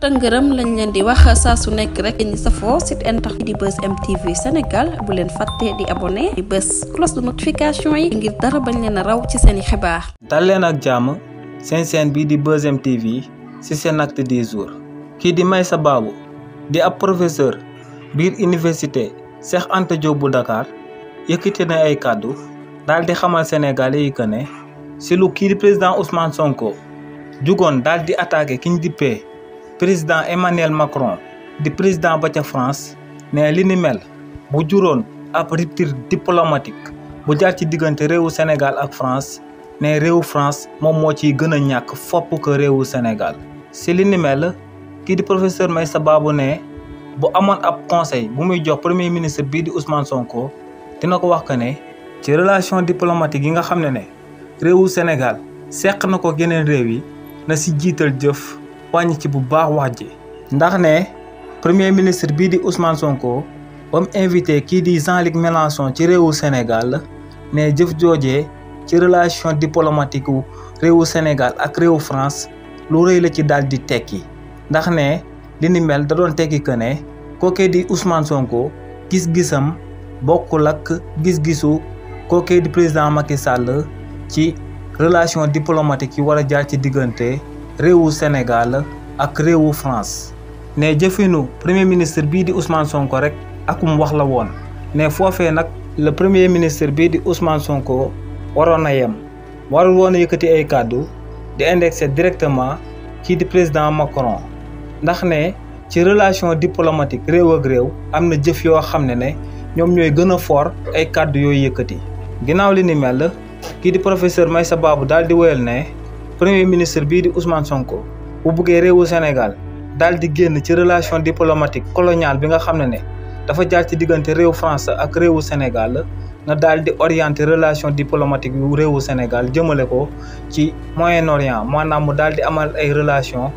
tëngërëm lañ leen di wax sa su nek rek sa fo site internet di buzz mtv Senegal bu leen fatte di abonné di buzz cloche de notification yi ngir dara bañ leen raw ci seen xibaar dal leen ak jamm seen seen bi di buzz mtv ci seen acte des jours ki di may sa babu di ab professeur bir université cheikh anta diop bu dakar yëkkati na ay cadeau dal di xamal sénégalais yi que ne lu ki di président ousmane sonko jugon dal di attaquer kiñ paix président Emmanuel Macron di président ba ca France ne li ni mel bu juróon ab rupture diplomatique bu jaar ci diggante réewu Sénégal ak France ne réewu France moom moo ciy gën a ñàkk fopp ko réewu Sénégal si li ni kii di professeur Meissa Babou ne bu amoon ab conseil bu muy jox premier ministre bii di Ousmane Sonko dina ko wax que ne ci relation diplomatique yi nga xam ne ne réewu Sénégal seq na ko geneen réew yi na si jiital jëf wàññi ci bu baax wax ji ndax ne premier ministre bii di Ousmane Sonko ba invité kii di Jean-Luc Mélenchon ci réewu Sénégal ne jëf joojee ci relation diplomatique wu réewu Sénégal ak réewu France lu rëy la ci daal di tekki ndax ne li ni mel da doon tekki que ne kookee di Ousmane Sonko gis-gisam bokkul ak gis-gisu kookee di président Macky Sall ci relation diplomatique yi war jaar ci diggante réewu Sénégal ak réewu France ne jëfinu premier ministre bii di Ousmane Sonko rek akum wax la woon ne foofee nag le premier ministre bii di Ousmane Sonko waroon na yem warul woon a yëkkati ay kàddu di indexé directement kii di président Macron ndax ne ci relation diplomatique réew ak réew am na jëf yoo xam ne ne ñoom ñooy gën a fort ay kàddu yooyu yëkkati ginnaaw li ni mel kii di professeur Maïssa Babou daal di woyal ne premier ministre bii di Ousmane Sonko bu buggee réewu Sénégal daal di génn ci relation diplomatique coloniale bi nga xam ne ne dafa jaar ci diggante réew France ak réewu Sénégal na daal di orienté relation diplomatique yu réewu Sénégal jëmale ko ci Moyen-Orient maanaam mu daal di amal ay relation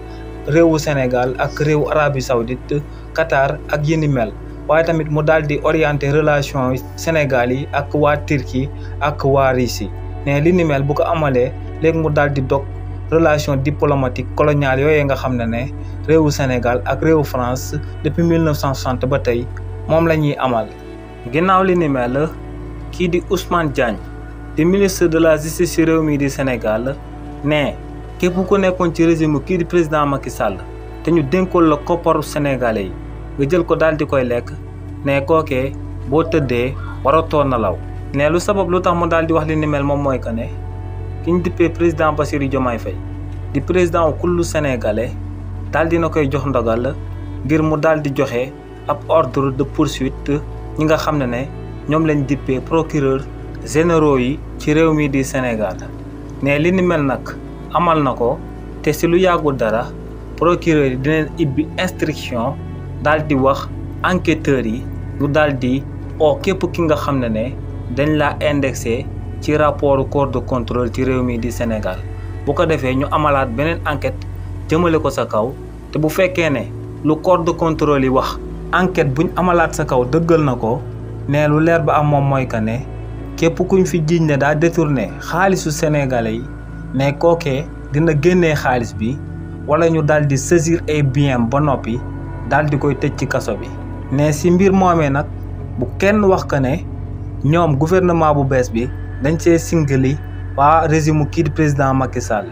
réewu Sénégal ak réewu Arabie Saoudite Qatar ak yi mel waaye tamit mu daal di orienter relation Sénégal yi ak waa Turquie ak waa Russie ne li mel bu ko amalee léegi mu di dok relation diplomatique coloniale yoy nga xam ne ne réewu ak réewu France depuis 1960 ba tay mom lañuy amal. ginnaaw li ni mel ki di Ousmane Diagne di ministre de la justice réew mi di Sénégal ne képp ku nekkon ci régime ki di président Macky Sall te ñu denkol la kopparu sénégalais nga jël ko daal di koy ne kookee boo tëddee waratoo ne lu sabab lu tax mu wax li ni mel mom moy kané ki ñu dippee président Bassirou Diomaye Faye di président wu kullu sénégalais daal dina koy jox ndogal ngir mu daal di joxe ab ordre de poursuite ñi nga xam ne ne ñoom lañ dippee procureur généraux yi ci réew mi di Sénégal ne li ni mel nag amal na ko te si lu yàggul dara procureur yi dinañ ibbi instriction daal di wax enquêteurs yi ñu daal di képp ki nga xam ne ne dañ la indexé ci rapport corps de contrôle ci réew mii di Sénégal bu ko defee ñu amalaat beneen enquête jëmale ko sa kaw te bu fekkee ne lu corps de contrôle yi wax enquête buñ amalaat sa kaw dëggal na ko ne lu leer ba am moom mooy que ne képp kuñ fi jiiñ ne daa détourné xaalisu sénégalais yi ne kookee dina génnee xaalis bi wala ñu daal di saisir ay biens ba noppi daal di koy tëj ci kaso bi. ne si mbir moomee nag bu kenn wax ko ne ñoom gouvernement bu bees bi. dañ cee singali waa régime kii di président Macky Sall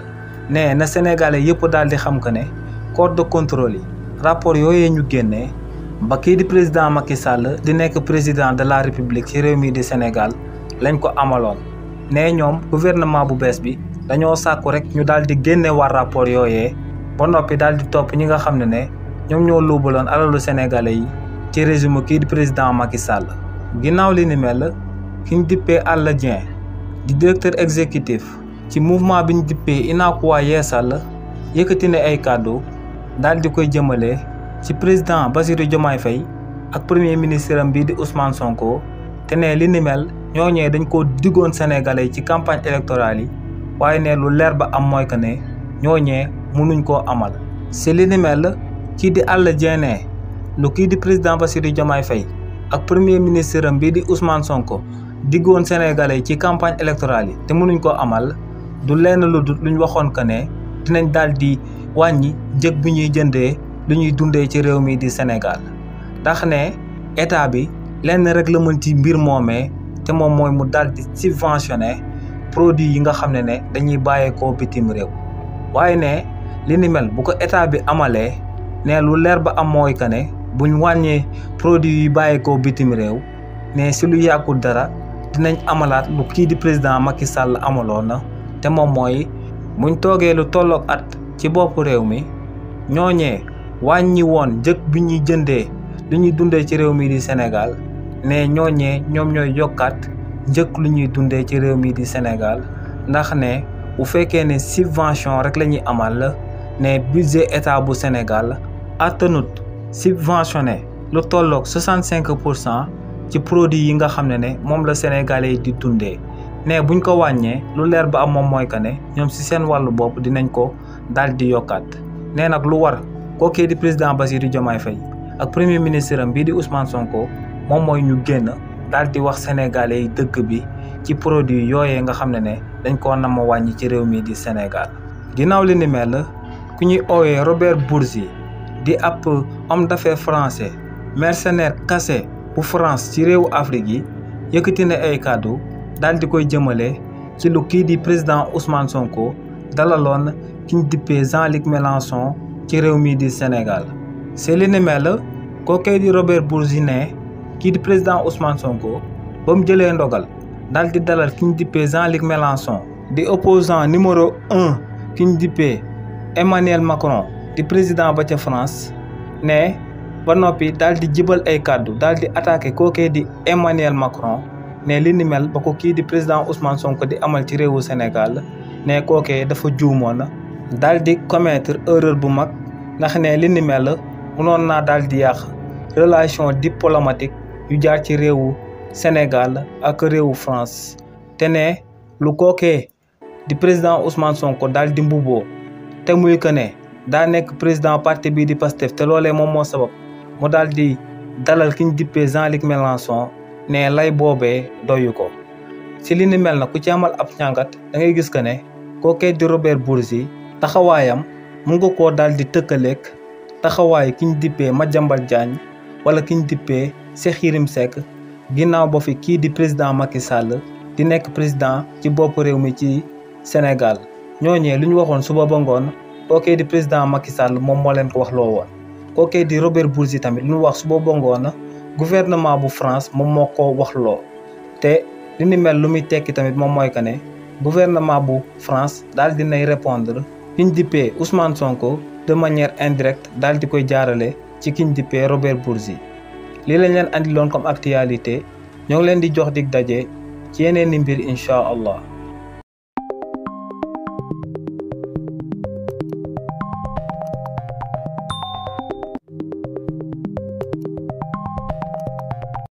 ne na sénégalais yëpp daal di xam que ne corps de contrôle yi rapport yooyee ñu génnee ba kii di président Macky Sall di nekk président de la république ci réew mi di Sénégal lañ ko amaloon ne ñoom gouvernement bu bees bi dañoo sàkku rek ñu daal di génne waa rapport yooye ba noppi daal di topp ñi nga xam ne ne ñoom ñoo luubaloon alalu sénégalais yi ci régime kii di président Macky Sall ginnaaw li ni mel ki ñu dippee Alla Dieng di directeur exécutif ci mouvement bi ñu dippee Unacois Yeesal yëkkati ne ay kàddu daal di koy jëmale ci président Bassirou Diomaye fay ak premier ministre am bii di Ousmane Sonko te ne li ni mel ñooñee dañ ko diggoon Sénégalais yi ci campagne électorale yi waaye ne lu leer ba am mooy que ne ñooñee mënuñ koo amal. si li ni mel kii di Alla Dieng lu kii di président Bassirou Diomaye fay ak premier ministre am bii di Ousmane Sonko. diggoon Sénégalais yi ci campagne électorale yi te mënuñ ko amal du lenn lu dul luñ waxoon que ne dinañ daal di wàññi njëg bu ñuy jëndee lu ñuy dundee ci réew mi di Sénégal tax ne état bi lenn rek la mën ci mbir moomee te moom mooy mu daal di subventionné produit yi nga xam ne ne dañuy bàyyeekoo bitim réew waaye ne li ni mel bu ko état bi amalee ne lu leer ba am mooy que ne buñ wàññee produit yi bàyyeekoo bitim réew ne si lu yàggul dara. dinañ amalaat lu kii di président Macky Sall amaloon na te moom mooy muñ toogee lu tolloog at ci boppu réew mi ñooñee wàññi woon njëg bi ñuy jëndee ci di Sénégal ne ñooñee ñoom ñooy yokkaat njëkk lu ñuy dundee ci réew di Sénégal ndax ne bu fekkee ne subvention rek amal la ne budget état bu Sénégal attanut subventionné lu tolloog 65 pour cent ci produit yi nga xam ne ne moom la sénégalais yi di dundee ne buñ ko wàññee lu leer ba am moom mooy que ne ñoom si seen wàllu bopp dinañ ko daal di yokkaat nee nag lu war kookee di président Bassirou Diomaye fay ak premier ministre am bii di Ousmane Sonko moom mooy ñu génn daal di wax sénégalais yi dëkk bi ci produit yooyee nga xam ne ne dañ koo nam wàññi ci réew mii di Sénégal ginnaaw li ni mel ku ñuy oowee Robert Bourgi di ab homme d'affaires français mercenaire cassé bu France ci réewu Afrique yi yëkkati na ay kàddu daal di koy jëmale ci lu kii di président Ousmane Sonko dalaloon ki ñu dippee Jean-Luc Mélenchon ci réew mi di Sénégal. c'est li ni mel kookee di Robert Bourginet kii di président Ousmane Sonko ba mu jëlee ndogal daal di dalal ki ñu dippee Jean-Luc Mélenchon di opposant numéro un ki ñu dippee Emmanuel Macron di président ba ca France ne. ba noppi daal di jibal ay kàddu daal di attaqué kookee di Emmanuel Macron ne li ni ba ko kii di président Ousmane Sonko di amal ci réewu Sénégal ne kookee dafa juumoon daal di commettre erreur bu mag ndax ne li ni mel mënoon naa daal di yàq relation diplomatique yu jaar ci réewu Sénégal ak réewu France te ne lu kookee di président Ousmane Sonko daal di mbubboo te muy que ne daa nekk président parti bii di Pastef te loolee moom moo sabab mu daal di dalal ki ñu dippee Jean-Luc Mélenchon ne lay boobee doyu ko ci li mel na ku ci amal ab càngat da ngay gis que ne kookee di Robert Bourgi taxawaayam mun ko koo daal di tëkkaleeg taxawaay ki ñu dippee Madiambal Diagne wala kiñ ñu dippee Cheikh Yérim Seck ginnaaw ba fi kii di président Macky Sall di nekk président ci bopp réew mi ci Sénégal ñooñee lu ñu waxoon suba ba ngoon kookee di président Macky Sall moom moo leen ko wax loo woon kookee di Robert Bourgi tamit lu mu wax suba ba ngoon na gouvernement bu France moom moo ko waxloo te li ni mel lu muy tekki tamit moom mooy que ne gouvernement bu France daal di nay répondre kiñ dippee Ousmane Sonko de manière indirecte daal di koy jaarale ci kiñ dippee Robert Bourgi lii lañ leen indiloon comme actualité ñoo ngi leen di jox di daje ci yeneen i mbir incha allah.